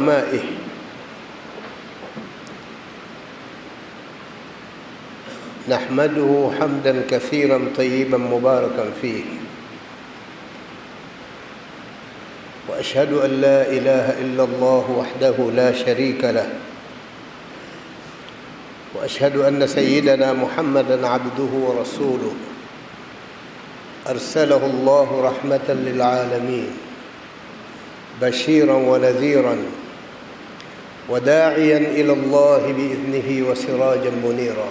مائه نحمده حمدا كثيرا طيبا مباركا فيه واشهد ان لا اله الا الله وحده لا شريك له واشهد ان سيدنا محمدا عبده ورسوله ارسله الله رحمه للعالمين بشيرا ونذيرا وداعيا الى الله باذنه وسراجا منيرا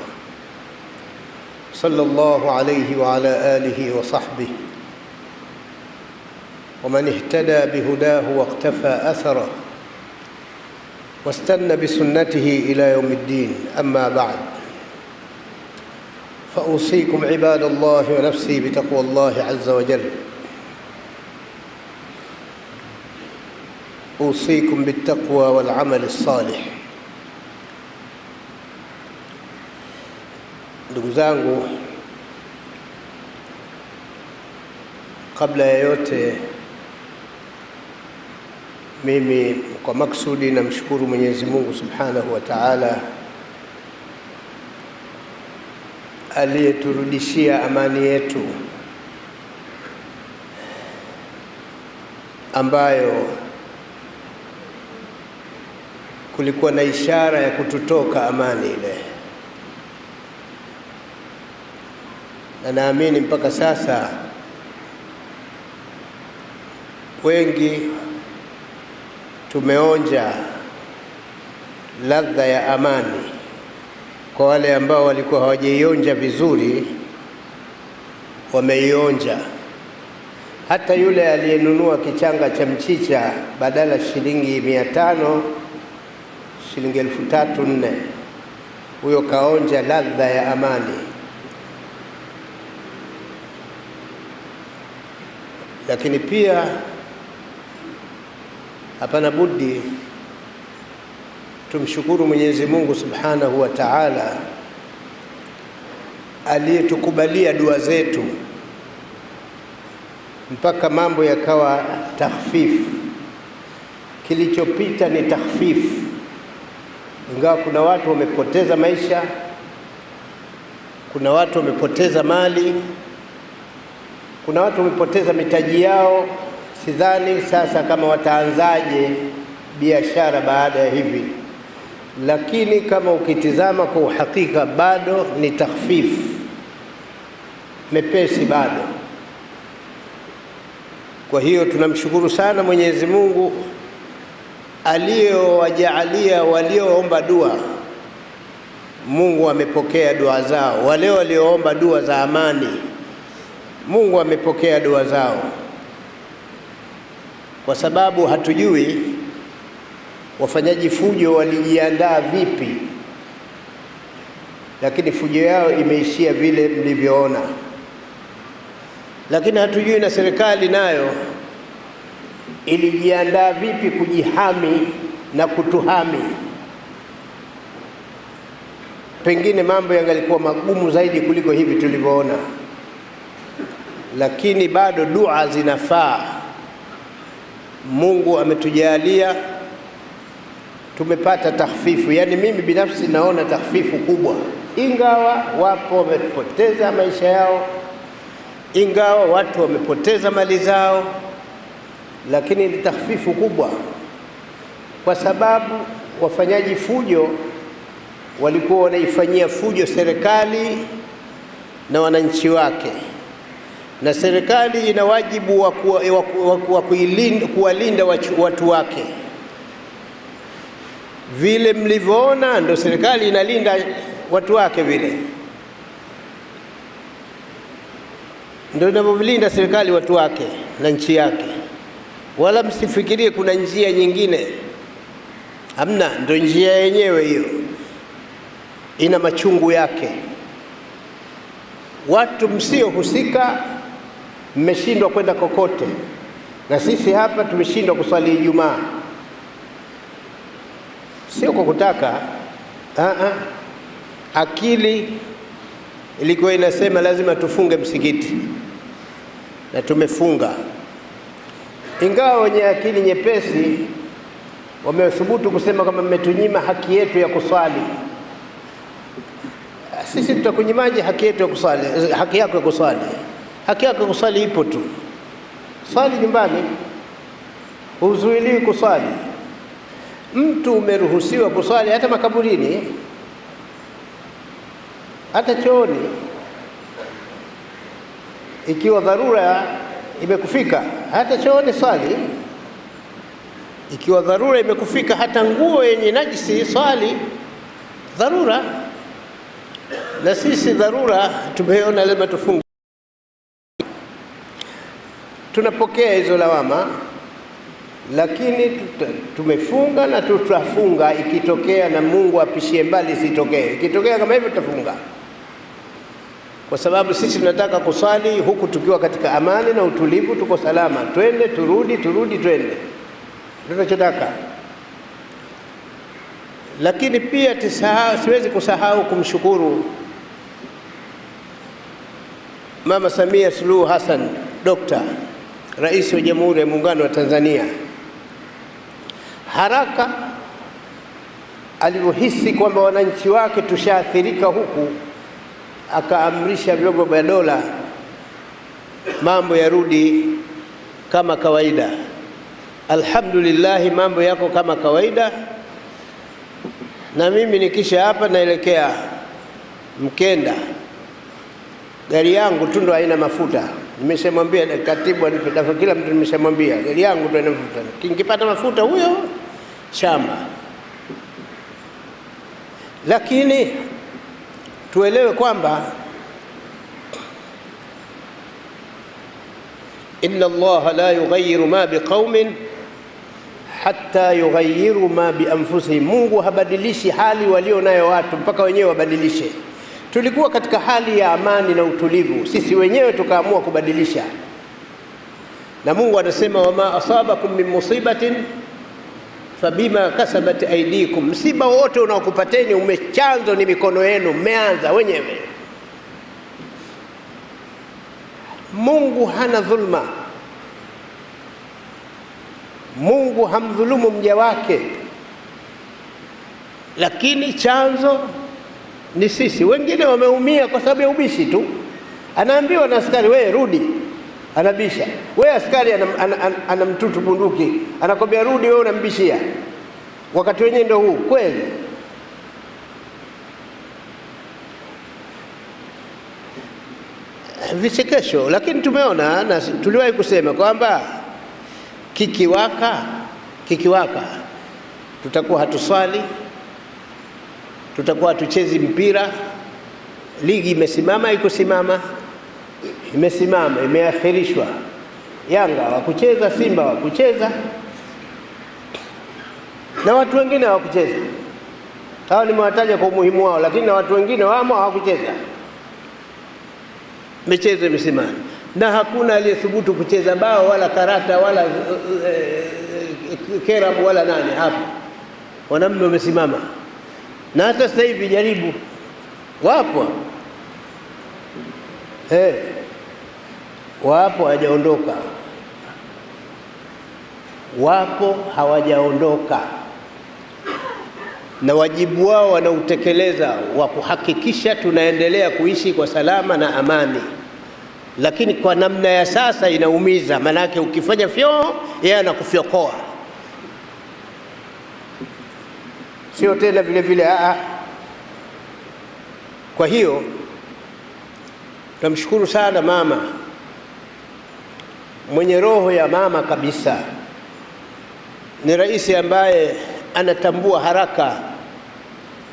صلى الله عليه وعلى اله وصحبه ومن اهتدى بهداه واقتفى اثره واستنى بسنته الى يوم الدين اما بعد فاوصيكم عباد الله ونفسي بتقوى الله عز وجل أوصيكم بالتقوى والعمل الصالح. Ndugu zangu, kabla ya yote, mimi kwa maksudi namshukuru Mwenyezi Mungu Subhanahu wa Ta'ala aliyeturudishia amani yetu ambayo kulikuwa na ishara ya kututoka amani ile, na naamini mpaka sasa wengi tumeonja ladha ya amani. Kwa wale ambao walikuwa hawajaionja vizuri, wameionja. Hata yule aliyenunua kichanga cha mchicha badala shilingi mia tano shilingi elfu tatu nne. Huyo kaonja ladha ya amani. Lakini pia hapana budi tumshukuru Mwenyezi Mungu Subhanahu wa Ta'ala aliyetukubalia dua zetu mpaka mambo yakawa tahfifu. Kilichopita ni tahfifu ingawa kuna watu wamepoteza maisha, kuna watu wamepoteza mali, kuna watu wamepoteza mitaji yao. Sidhani sasa kama wataanzaje biashara baada ya hivi, lakini kama ukitizama kwa uhakika, bado ni takhfifu mepesi bado. Kwa hiyo tunamshukuru sana Mwenyezi Mungu aliyowajaalia walioomba dua, Mungu amepokea dua zao. Wale walioomba dua za amani, Mungu amepokea dua zao, kwa sababu hatujui wafanyaji fujo walijiandaa vipi, lakini fujo yao imeishia vile mlivyoona, lakini hatujui na serikali nayo ilijiandaa vipi kujihami na kutuhami. Pengine mambo yangalikuwa magumu zaidi kuliko hivi tulivyoona, lakini bado dua zinafaa. Mungu ametujalia tumepata tahfifu, yaani mimi binafsi naona tahfifu kubwa, ingawa wapo wamepoteza maisha yao, ingawa watu wamepoteza mali zao lakini ni takhfifu kubwa, kwa sababu wafanyaji fujo walikuwa wanaifanyia fujo serikali na wananchi wake, na serikali ina wajibu wa kuwalinda watu wake. Vile mlivyoona, ndo serikali inalinda watu wake, vile ndo inavyolinda serikali watu wake na nchi yake wala msifikirie kuna njia nyingine, hamna. Ndio njia yenyewe hiyo, ina machungu yake. Watu msiohusika mmeshindwa kwenda kokote, na sisi hapa tumeshindwa kuswali Ijumaa, sio kwa kutaka. Aa, ah, ah. akili ilikuwa inasema lazima tufunge msikiti na tumefunga ingawa wenye akili nyepesi wamethubutu kusema kwamba mmetunyima haki yetu ya kuswali, sisi tutakunyimaje haki yetu ya kuswali? Haki yako ya kuswali, haki yako ya kuswali ipo tu. Swali nyumbani, huzuiliwi kuswali. Mtu umeruhusiwa kuswali hata makaburini, hata chooni, ikiwa dharura imekufika hata chooni swali, ikiwa dharura imekufika hata nguo yenye najisi swali, dharura. Na sisi dharura tumeona lazima tufunge. Tunapokea hizo lawama, lakini tumefunga na tutafunga. Ikitokea na Mungu apishie mbali, sitokee. Ikitokea kama hivyo, tutafunga kwa sababu sisi tunataka kuswali huku tukiwa katika amani na utulivu, tuko salama, twende turudi, turudi twende, tunachotaka. Lakini pia tisahau, siwezi kusahau kumshukuru Mama Samia Suluhu Hassan, dokta, rais wa Jamhuri ya Muungano wa Tanzania, haraka alivyohisi kwamba wananchi wake tushaathirika huku akaamrisha vyombo vya dola mambo yarudi kama kawaida. Alhamdulillah, mambo yako kama kawaida, na mimi nikisha hapa naelekea Mkenda, gari yangu tu ndo haina mafuta. Nimeshamwambia katibu alipotafuta kila mtu, nimeshamwambia gari yangu tu haina mafuta, Kingipata mafuta huyo chama lakini tuelewe kwamba inna allaha la yughayyiru ma biqaumin hatta yughayyiru ma bianfusihim, Mungu habadilishi hali walio nayo watu mpaka wenyewe wabadilishe. Tulikuwa katika hali ya amani na utulivu, sisi wenyewe tukaamua kubadilisha, na Mungu anasema wama asabakum min musibatin fabima kasabat aidikum, msiba wote unaokupateni umechanzo ni mikono yenu, mmeanza wenyewe. Mungu hana dhulma, Mungu hamdhulumu mja wake, lakini chanzo ni sisi. Wengine wameumia kwa sababu ya ubishi tu, anaambiwa na askari, wewe rudi anabisha. We askari ana mtutu bunduki anakwambia rudi, wewe unambishia, wakati wenyewe ndio huu kweli. Vichekesho, lakini tumeona na tuliwahi kusema kwamba kikiwaka kikiwaka, tutakuwa hatuswali, tutakuwa hatuchezi mpira, ligi imesimama ikusimama imesimama imeahirishwa Yanga hawakucheza, Simba hawakucheza na watu wengine hawakucheza. Hao nimewataja kwa umuhimu wao, lakini na watu wengine wamo hawakucheza. Michezo imesimama na hakuna aliyethubutu kucheza bao wala karata wala eh, eh, kerabu wala nani hapa. Wanaume wamesimama, na hata sasa hivi jaribu, wapo eh wapo hawajaondoka, wapo hawajaondoka, na wajibu wao wanautekeleza wa kuhakikisha tunaendelea kuishi kwa salama na amani. Lakini kwa namna ya sasa inaumiza, maanake ukifanya fyoo, yeye anakufyokoa, sio tena vile vile aa. Kwa hiyo tunamshukuru sana mama mwenye roho ya mama kabisa, ni rais ambaye anatambua haraka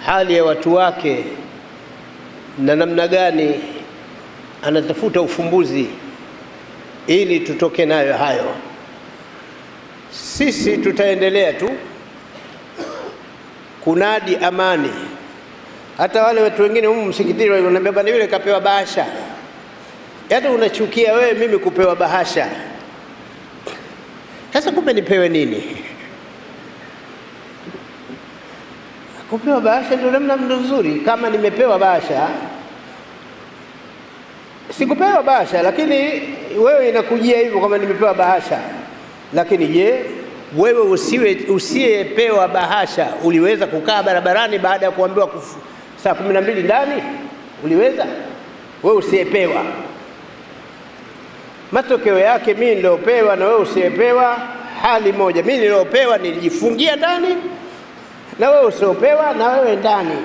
hali ya watu wake na namna gani anatafuta ufumbuzi ili tutoke nayo hayo. Sisi tutaendelea tu kunadi amani. Hata wale watu wengine humu msikitini wanaambia, bwana yule kapewa bahasha yaani unachukia wewe mimi kupewa bahasha. Sasa kumbe nipewe nini? Kupewa bahasha ndio namna nzuri. Kama nimepewa bahasha, sikupewa bahasha, lakini wewe inakujia hivyo kama nimepewa bahasha. Lakini je, wewe usiwe usiyepewa bahasha uliweza kukaa barabarani baada ya kuambiwa saa kumi na mbili ndani? Uliweza wewe usiyepewa matokeo yake mimi niliopewa na wewe usiyepewa hali moja. Mimi niliopewa nilijifungia ndani, na wewe usiopewa, na wewe ndani.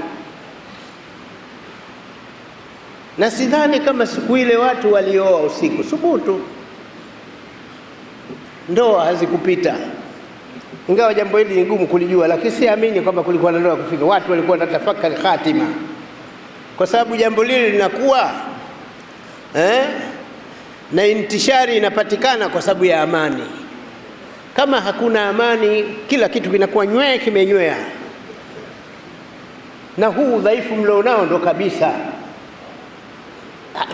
Na sidhani kama siku ile watu walioa usiku. Subutu, ndoa hazikupita ingawa jambo hili ni gumu kulijua, lakini siamini kwamba kulikuwa na ndoa kufika. Watu walikuwa na tafakari khatima, kwa sababu jambo lile linakuwa eh na intishari inapatikana kwa sababu ya amani. Kama hakuna amani, kila kitu kinakuwa nywee, kimenywea. Na huu udhaifu mlionao ndo kabisa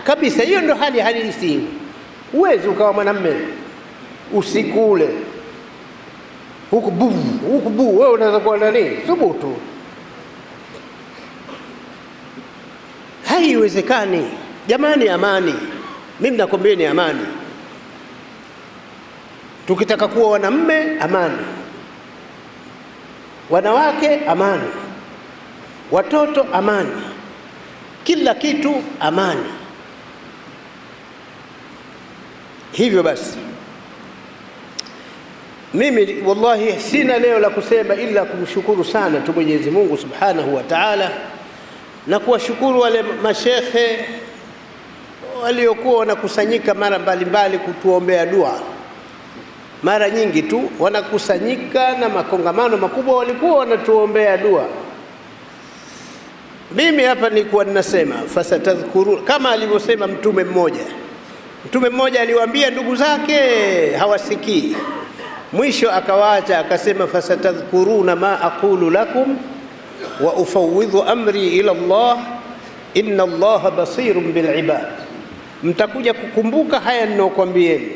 kabisa, hiyo ndo hali halisi. uwezi ukawa mwanamme usiku ule huku bu huku bu, wewe unaweza kuwa nani? Thubutu, haiwezekani jamani, amani mimi nakwambia ni amani. Tukitaka kuwa wanamme, amani; wanawake, amani; watoto, amani; kila kitu, amani. Hivyo basi mimi wallahi sina leo la kusema ila kumshukuru sana tu Mwenyezi Mungu Subhanahu wa Ta'ala na kuwashukuru wale mashekhe waliokuwa wanakusanyika mara mbalimbali kutuombea dua, mara nyingi tu wanakusanyika na makongamano makubwa, walikuwa wanatuombea dua. Mimi hapa nilikuwa ninasema fasatadhkuru, kama alivyosema mtume mmoja. Mtume mmoja aliwaambia ndugu zake hawasikii, mwisho akawaacha akasema, fasatadhkuruna ma aqulu lakum wa ufawidhu amri ila Allah inna Allaha basirun bil ibad mtakuja kukumbuka haya ninayokwambieni.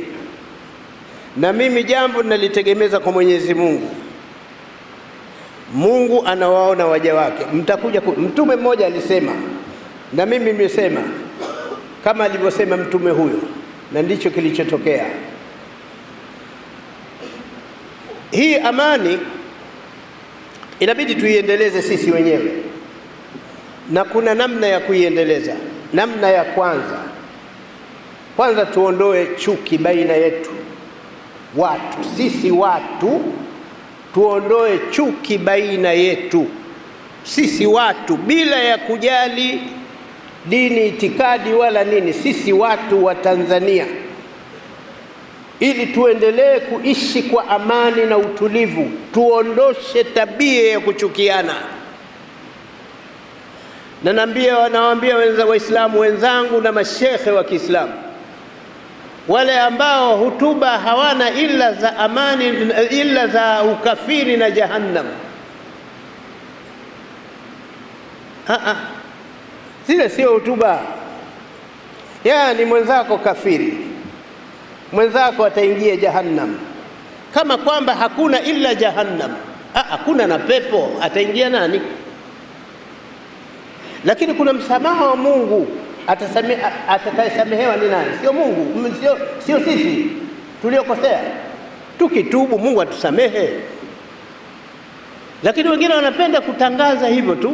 Na mimi jambo nalitegemeza kwa Mwenyezi Mungu. Mungu anawaona waja wake, mtakuja ku... Mtume mmoja alisema, na mimi nimesema kama alivyosema mtume huyo, na ndicho kilichotokea. Hii amani inabidi tuiendeleze sisi wenyewe, na kuna namna ya kuiendeleza. Namna ya kwanza kwanza tuondoe chuki baina yetu watu, sisi watu, tuondoe chuki baina yetu sisi watu, bila ya kujali dini, itikadi wala nini. Sisi watu wa Tanzania, ili tuendelee kuishi kwa amani na utulivu, tuondoshe tabia ya kuchukiana. Na naambia, wenza Waislamu wenzangu na mashekhe wa Kiislamu wale ambao hutuba hawana ila za amani, ila za ukafiri na jahannam. zile sio hutuba. Yani mwenzako kafiri, mwenzako ataingia jahannam, kama kwamba hakuna ila jahannam. hakuna na pepo, ataingia nani? Lakini kuna msamaha wa Mungu atakayesamehewa ni nani? Sio Mungu, sio sio sisi tuliokosea. Tukitubu Mungu atusamehe, lakini wengine wanapenda kutangaza hivyo tu.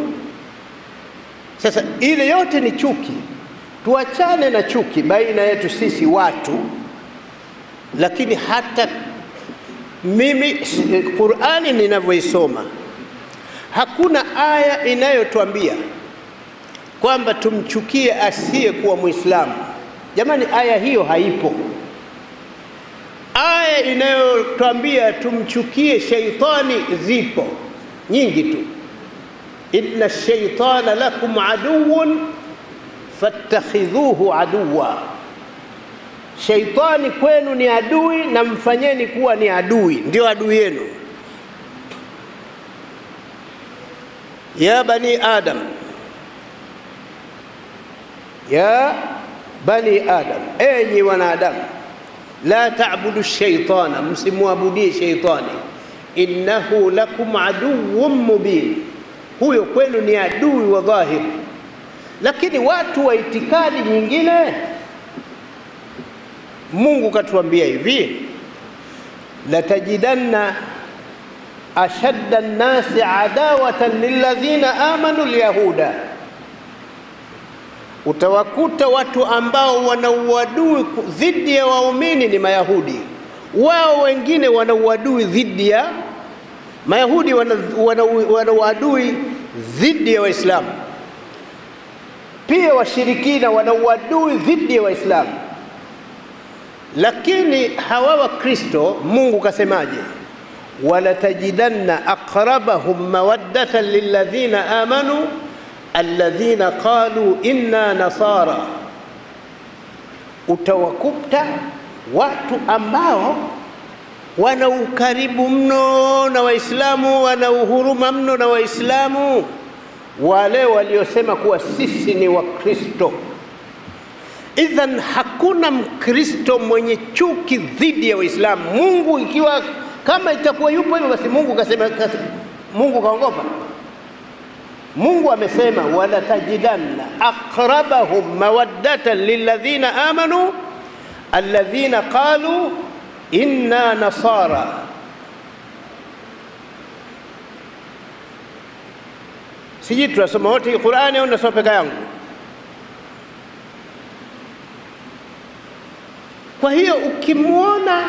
Sasa ile yote ni chuki. Tuachane na chuki baina yetu sisi watu, lakini hata mimi eh, Qur'ani ninavyoisoma hakuna aya inayotuambia kwamba tumchukie asiyekuwa Muislamu. Jamani, aya hiyo haipo. Aya inayotwambia tumchukie sheitani zipo nyingi tu, inna shaitana lakum aduun fattakhidhuhu aduwa, sheitani kwenu ni adui na mfanyeni kuwa ni adui, ndio adui yenu. Ya bani Adam ya bani Adam, enyi wanadamu, la ta'budu shaitana, msimwabudie shaitani, innahu lakum aduwwun mubin, huyo kwenu ni adui wa dhahir. Lakini watu wa itikadi nyingine, Mungu katuambia hivi, latajidanna ashadda nnasi adawatan lilladhina amanu lyahuda Utawakuta watu ambao wana uadui dhidi ya waumini ni Mayahudi. Wao wengine wana uadui dhidi ya Mayahudi, wana uadui dhidi ya Waislamu. Pia washirikina wana uadui dhidi ya Waislamu. Lakini hawa Wakristo, Mungu kasemaje? walatajidanna aqrabahum mawaddatan lilladhina amanu alladhina qalu inna nasara, utawakuta watu ambao wana ukaribu mno na Waislamu, wana uhuruma mno na Waislamu, wale waliosema kuwa sisi ni Wakristo. Idhan, hakuna Mkristo mwenye chuki dhidi ya Waislamu. Mungu ikiwa kama itakuwa yupo hivyo, basi Mungu kasema, Mungu kaongopa? Mungu amesema walatajidanna aqrabahum mawaddatan lilladhina amanu alladhina qalu inna nasara Sijui tunasoma wote Qur'ani au nasoma peke yangu? Kwa hiyo ukimwona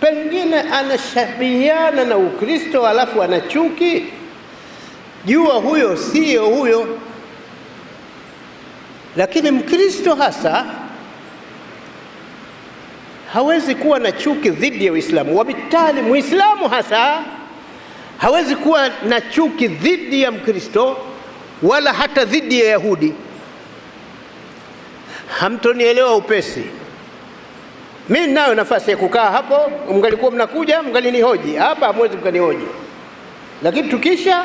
pengine anashabihiana na Ukristo alafu ana chuki jua huyo siyo huyo. Lakini Mkristo hasa hawezi kuwa na chuki dhidi ya Uislamu, wabitali Muislamu hasa hawezi kuwa na chuki dhidi ya Mkristo wala hata dhidi ya Yahudi. Hamtonielewa upesi. Mi nayo nafasi ya kukaa hapo, mngalikuwa mnakuja mngalinihoji hapa, hamwezi mkanihoji, lakini tukisha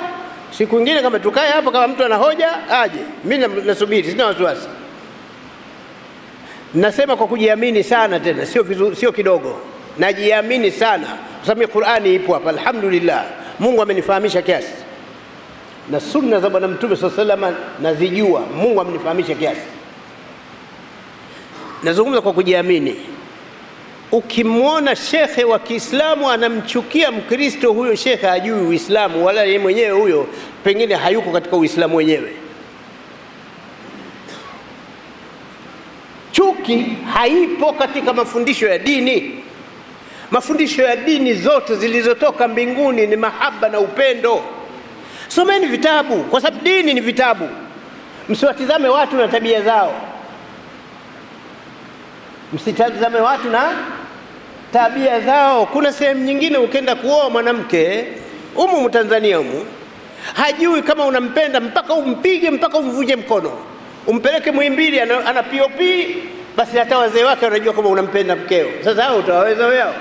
Siku ingine kama tukae hapo, kama mtu ana hoja aje, mimi nasubiri, sina wasiwasi. Nasema kwa kujiamini sana tena, sio sio kidogo, najiamini sana kwa sababu Qur'ani ipo hapa, alhamdulillah, Mungu amenifahamisha kiasi, na sunna za Bwana Mtume sallallahu alaihi wasallam nazijua, Mungu amenifahamisha kiasi. Nazungumza kwa kujiamini. Ukimwona shekhe wa Kiislamu anamchukia Mkristo, huyo shekhe hajui Uislamu wala yeye mwenyewe, huyo pengine hayuko katika Uislamu wenyewe. Chuki haipo katika mafundisho ya dini. Mafundisho ya dini zote zilizotoka mbinguni ni mahaba na upendo. Someni vitabu, kwa sababu dini ni vitabu. Msiwatizame watu na tabia zao, msitazame watu na tabia zao. Kuna sehemu nyingine ukenda kuoa mwanamke umu mtanzania humu hajui kama unampenda mpaka umpige mpaka umvunje mkono umpeleke Muhimbili, ana, ana POP basi hata wazee wake wanajua kama unampenda mkeo. Sasa hao utawaweza wao?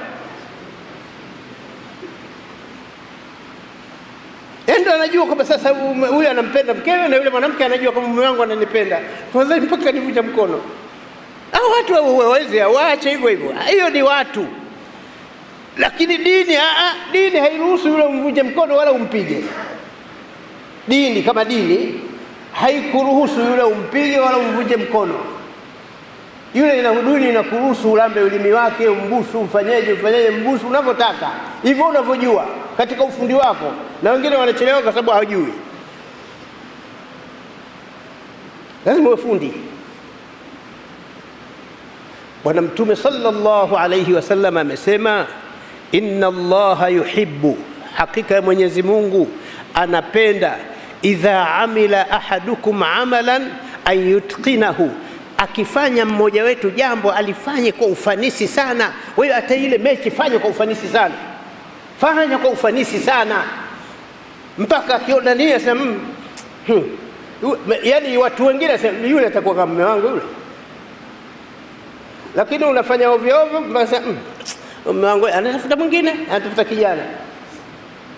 Ndio anajua kwamba sasa huyu anampenda mkewe na yule mwanamke anajua kama mume wangu ananipenda, kwanza mpaka nivunja mkono au ah, watu waweze waache hivyo hivyo, ah, hiyo ni watu. Lakini dini aa, ah, dini hairuhusu yule umvunje mkono wala umpige. Dini kama dini haikuruhusu yule umpige wala umvunje mkono yule, ina dini inakuruhusu ulambe ulimi wake, umbusu, ufanyeje, ufanyeje, mbusu unavyotaka, hivyo unavyojua katika ufundi wako, na wengine wanachelewa kwa sababu hawajui. Lazima ufundi Bwana Mtume sallallahu alayhi wasallam amesema, inna allaha yuhibbu, hakika ya Mwenyezi Mungu anapenda, idha amila ahadukum amalan an yutqinahu, akifanya mmoja wetu jambo alifanye kwa ufanisi sana. Wewe hata ile mechi fanya kwa ufanisi sana, fanya kwa ufanisi sana mpaka akiona nini sema, hmm, yani watu wengine yule atakuwa kama mume wangu yule lakini unafanya ovyo ovyo, mm, anatafuta mwingine, anatafuta kijana,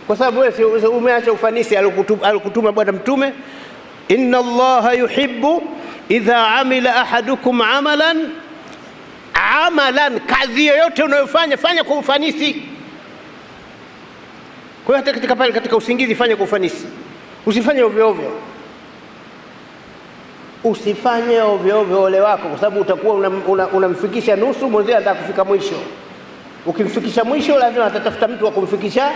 kwa sababu wewe umeacha ufanisi alikutuma Bwana Mtume, inna Allaha yuhibbu idha amila ahadukum amalan amalan, kazi yoyote unayofanya fanya kwa ufanisi. Kwa hiyo hata katika pale, katika usingizi fanya kwa ufanisi, usifanye ovyo ovyo. Usifanye ovyo ovyo ole wako, kwa sababu utakuwa unamfikisha una, una nusu, mwenzie anataka kufika mwisho. Ukimfikisha mwisho, lazima atatafuta mtu wa kumfikisha.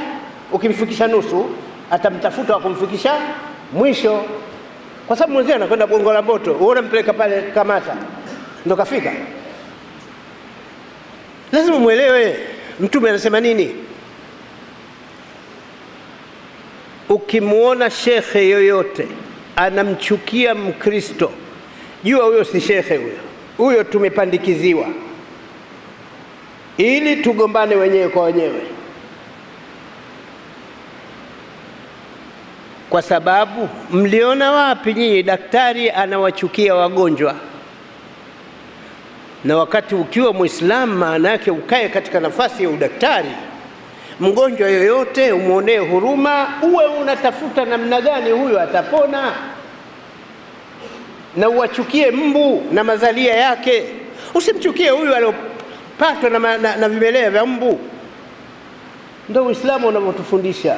Ukimfikisha nusu, atamtafuta wa kumfikisha mwisho, kwa sababu mwenzie anakwenda Gongo la Mboto, wewe unampeleka pale Kamata ndo kafika. Lazima mwelewe Mtume anasema nini. Ukimwona shekhe yoyote anamchukia Mkristo, jua huyo si shekhe huyo, huyo tumepandikiziwa ili tugombane wenyewe kwa wenyewe, kwa sababu mliona wapi nyinyi daktari anawachukia wagonjwa? Na wakati ukiwa Muislamu maana yake ukae katika nafasi ya udaktari. Mgonjwa yoyote umwonee huruma, uwe unatafuta namna gani huyo atapona, na uwachukie mbu na mazalia yake. Usimchukie huyu aliyopatwa na, na, na, vimelea vya mbu. Ndio Uislamu unavyotufundisha.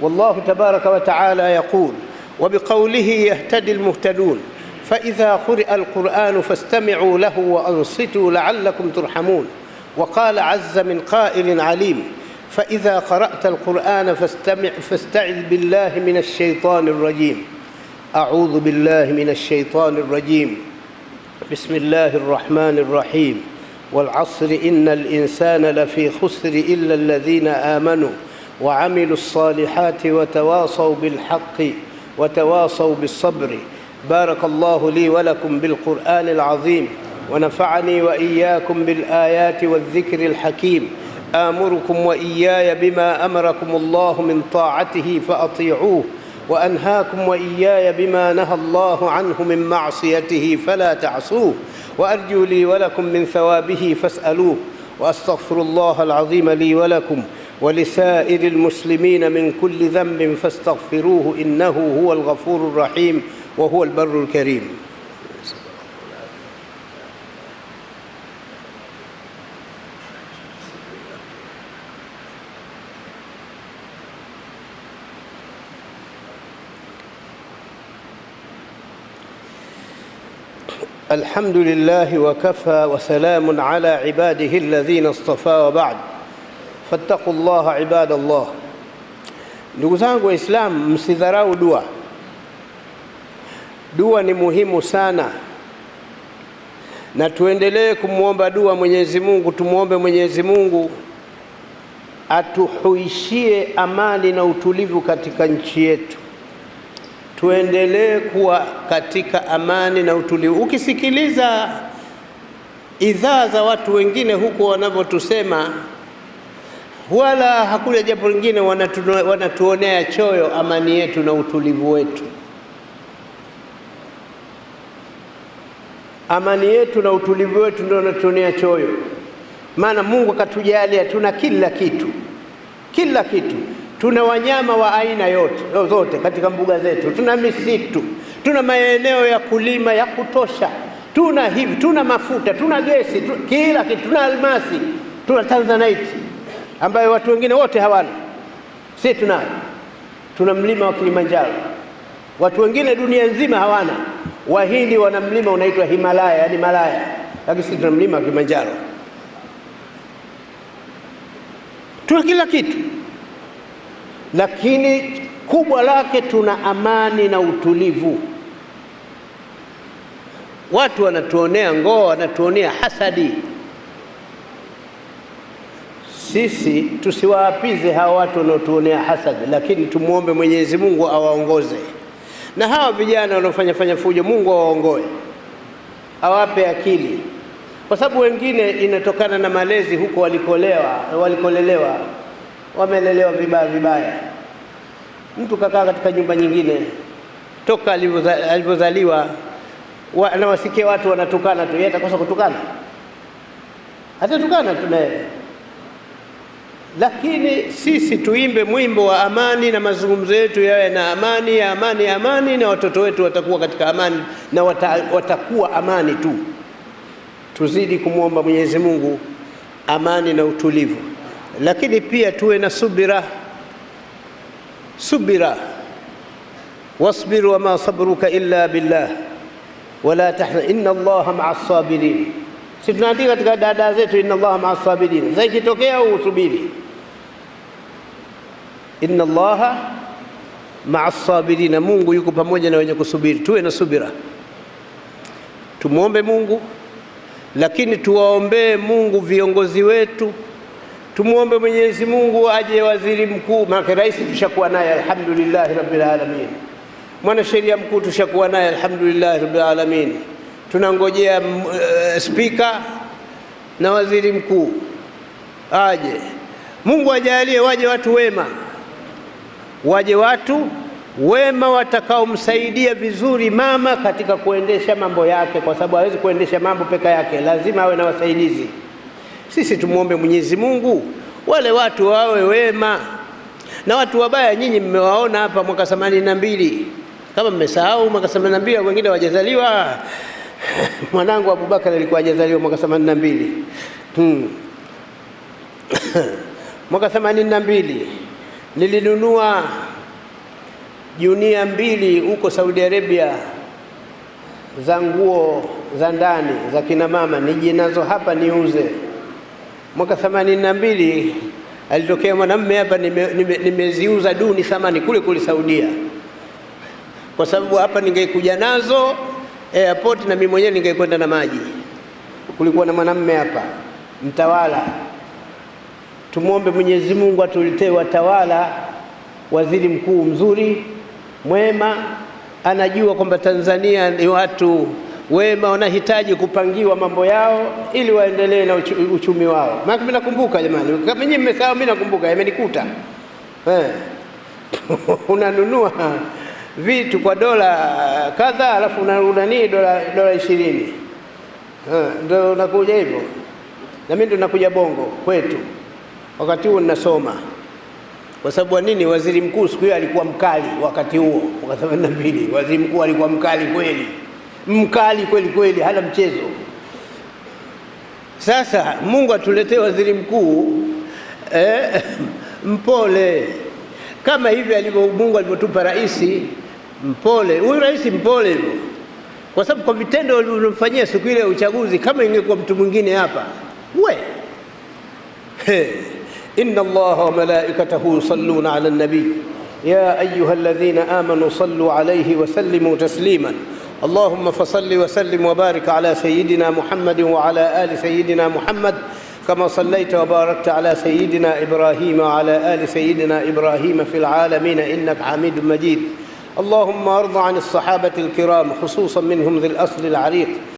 Wallahu tabaraka wa taala yaqul wa biqaulihi yahtadi almuhtadun faidha quria alquranu fastamiuu lahu wa ansituu laalakum turhamun wa qala azza min qailin alim فإذا قرأت القرآن فاستمع فاستعذ بالله من الشيطان الرجيم أعوذ بالله من الشيطان الرجيم بسم الله الرحمن الرحيم والعصر إن الإنسان لفي خسر إلا الذين آمنوا وعملوا الصالحات وتواصوا بالحق وتواصوا بالصبر بارك الله لي ولكم بالقرآن العظيم ونفعني وإياكم بالآيات والذكر الحكيم آمركم وإياي بما أمركم الله من طاعته فأطيعوه وأنهاكم وإياي بما نهى الله عنه من معصيته فلا تعصوه وأرجو لي ولكم من ثوابه فاسألوه وأستغفر الله العظيم لي ولكم ولسائر المسلمين من كل ذنب فاستغفروه إنه هو الغفور الرحيم وهو البر الكريم الحمد لله وكفى وسلام على عباده الذين اصطفى وبعد fattaku llaha ibada llah. Ndugu zangu Waislamu, msidharau dua. Dua ni muhimu sana, na tuendelee kumwomba dua Mwenyezi Mungu. Tumwombe Mwenyezi Mungu atuhuishie amani na utulivu katika nchi yetu, tuendelee kuwa katika amani na utulivu. Ukisikiliza idhaa za watu wengine huko wanavyotusema, wala hakuna jambo lingine, wanatuonea choyo amani yetu na utulivu wetu. Amani yetu na utulivu wetu ndio wanatuonea choyo, maana Mungu akatujalia tuna kila kitu, kila kitu Tuna wanyama wa aina yote zote katika mbuga zetu, tuna misitu, tuna maeneo ya kulima ya kutosha, tuna hivi, tuna mafuta, tuna gesi, tu, kila kitu, tuna almasi, tuna tanzanite ambayo watu wengine wote hawana, si tunayo. Tuna mlima wa Kilimanjaro, watu wengine dunia nzima hawana. Wahindi wana mlima unaitwa Himalaya, yani Malaya, lakini sisi tuna mlima wa Kilimanjaro. Tuna kila kitu lakini kubwa lake tuna amani na utulivu. Watu wanatuonea ngoo, wanatuonea hasadi. Sisi tusiwaapize hawa watu wanaotuonea hasadi, lakini tumwombe Mwenyezi Mungu awaongoze, na hawa vijana wanaofanya fanya fujo, Mungu awaongoe, awape akili, kwa sababu wengine inatokana na malezi huko walikolewa, walikolelewa wamelelewa vibaya vibaya. Mtu kakaa katika nyumba nyingine toka alivyozaliwa wa, anawasikia watu wanatukana tu, yeye atakosa kutukana? Atatukana tu naye. Lakini sisi tuimbe mwimbo wa amani na mazungumzo yetu yawe na amani, amani, amani, na watoto wetu watakuwa katika amani na wata, watakuwa amani tu. Tuzidi kumwomba Mwenyezi Mungu amani na utulivu lakini pia tuwe na subira, subira wasbir wama sabruka illa billah wala tahzan inna allaha maa sabirin. Si tunaandika katika dada zetu inna allaha maa sabirin, zaikitokea usubiri inna allaha maa sabirin, Mungu yuko pamoja na wenye kusubiri. Tuwe na subira, tumwombe Mungu, lakini tuwaombee Mungu viongozi wetu Tumwombe Mwenyezi Mungu aje waziri mkuu, maana rais tushakuwa naye alhamdulillahi rabbil alamin, mwanasheria mkuu tushakuwa naye alhamdulillahi rabbil alamin, tunangojea uh, spika na waziri mkuu aje. Mungu ajalie waje watu wema, waje watu wema watakaomsaidia vizuri mama katika kuendesha mambo yake, kwa sababu hawezi kuendesha mambo peka yake, lazima awe na wasaidizi. Sisi tumwombe Mwenyezi Mungu wale watu wawe wema, na watu wabaya nyinyi mmewaona hapa mwaka themanini na mbili, kama mmesahau mwaka themanini na mbili wengine hawajazaliwa. Mwanangu Abubakar alikuwa hajazaliwa mwaka themanini na mbili hmm. mwaka themanini na mbili nilinunua junia mbili huko Saudi Arabia za nguo za ndani za kina mama, nije nazo hapa niuze mwaka 82 alitokea mwanamume hapa, nimeziuza nime, nime duni thamani kule kule Saudia, kwa sababu hapa ningekuja nazo airport na mimi mwenyewe ningekwenda na maji. Kulikuwa na mwanamume hapa mtawala, tumwombe Mwenyezi Mungu atuletee watawala, waziri mkuu mzuri mwema, anajua kwamba Tanzania ni watu wema wanahitaji kupangiwa mambo yao ili waendelee na uchu, uchumi wao. Maana mimi nakumbuka jamani, kama nyinyi mmesahau, mimi nakumbuka, yamenikuta eh. unanunua vitu kwa dola kadha, alafu unanii dola dola ishirini eh, ndio unakuja hivyo, na mimi ndio nakuja Bongo kwetu wakati huo ninasoma. Kwa sababu wa nini? Waziri mkuu siku hiyo alikuwa mkali, wakati huo mwaka themanini na mbili, waziri mkuu alikuwa mkali kweli mkali kweli kweli, hana mchezo. Sasa Mungu atuletee waziri mkuu eh, mpole kama hivi alivyo Mungu alivyotupa rais mpole. Huyu rais mpole hivyo, kwa sababu kwa vitendo alivyofanyia siku ile ya uchaguzi, kama ingekuwa mtu mwingine hapa we hey. inna Allaha wa malaikatahu yusalluna ala nabii ya ayuha alladhina amanu sallu alayhi wa sallimu اللهم فصل وسلم وبارك على سيدنا محمد وعلى ال سيدنا محمد كما صليت وباركت على سيدنا ابراهيم وعلى ال سيدنا ابراهيم في العالمين انك حميد مجيد اللهم ارض عن الصحابه الكرام خصوصا منهم ذي الاصل العريق